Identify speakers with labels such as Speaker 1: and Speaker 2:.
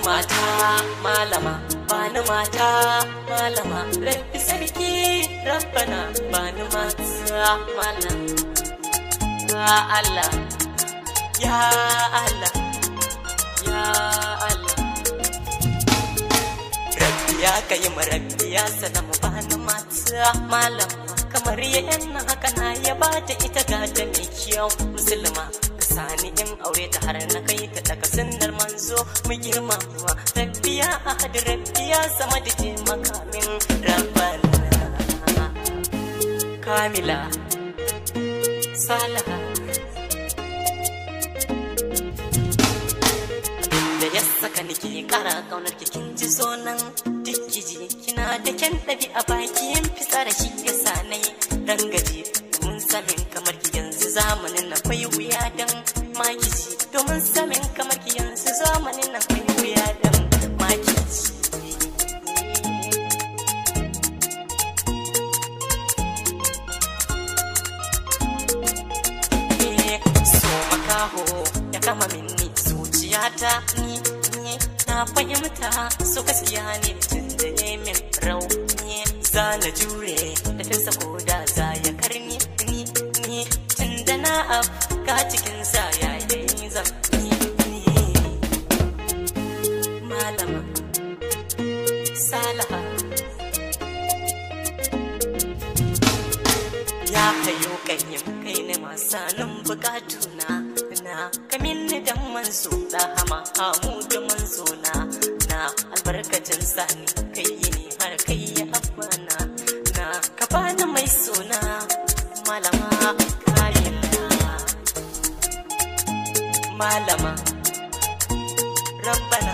Speaker 1: bani mata malama bani mata malama rabbi sarki rabbana bani mata malama ya Allah ya Allah ya Allah rabbi ya kai rabbi ya ba bani mata malama kamar yana haka na ya bata ita gata mai kyau musulma ka sani in aure ta har na kai ta daga sunnar zo mun yi mamuwa rabbiya ahad rabbiya sama da taimaka min rabbana kamila salaha da ya saka nake kara kaunar kin ji zonan dikkiji kina da kyan ɗabi a bakin da shi ya sa na yi domin samin kamar ki yanzu zamanin na wuya don makiji domin samin kamar ki yanzu aho ya kama minni zuciyata ni ne na fahimta so gaskiya ne tun da ya min za na jure tafinsa ko da za ya karni ni ne tun da na afka cikinsa ya yi zan ni malama salaha ya kayo ganyen kai na masanin bukatuna Na kamin ni dan manzo na hama hamu da manzo na na albarkacin sani kai ne har kai ya abana na ka mai suna malama kamin malama rabbana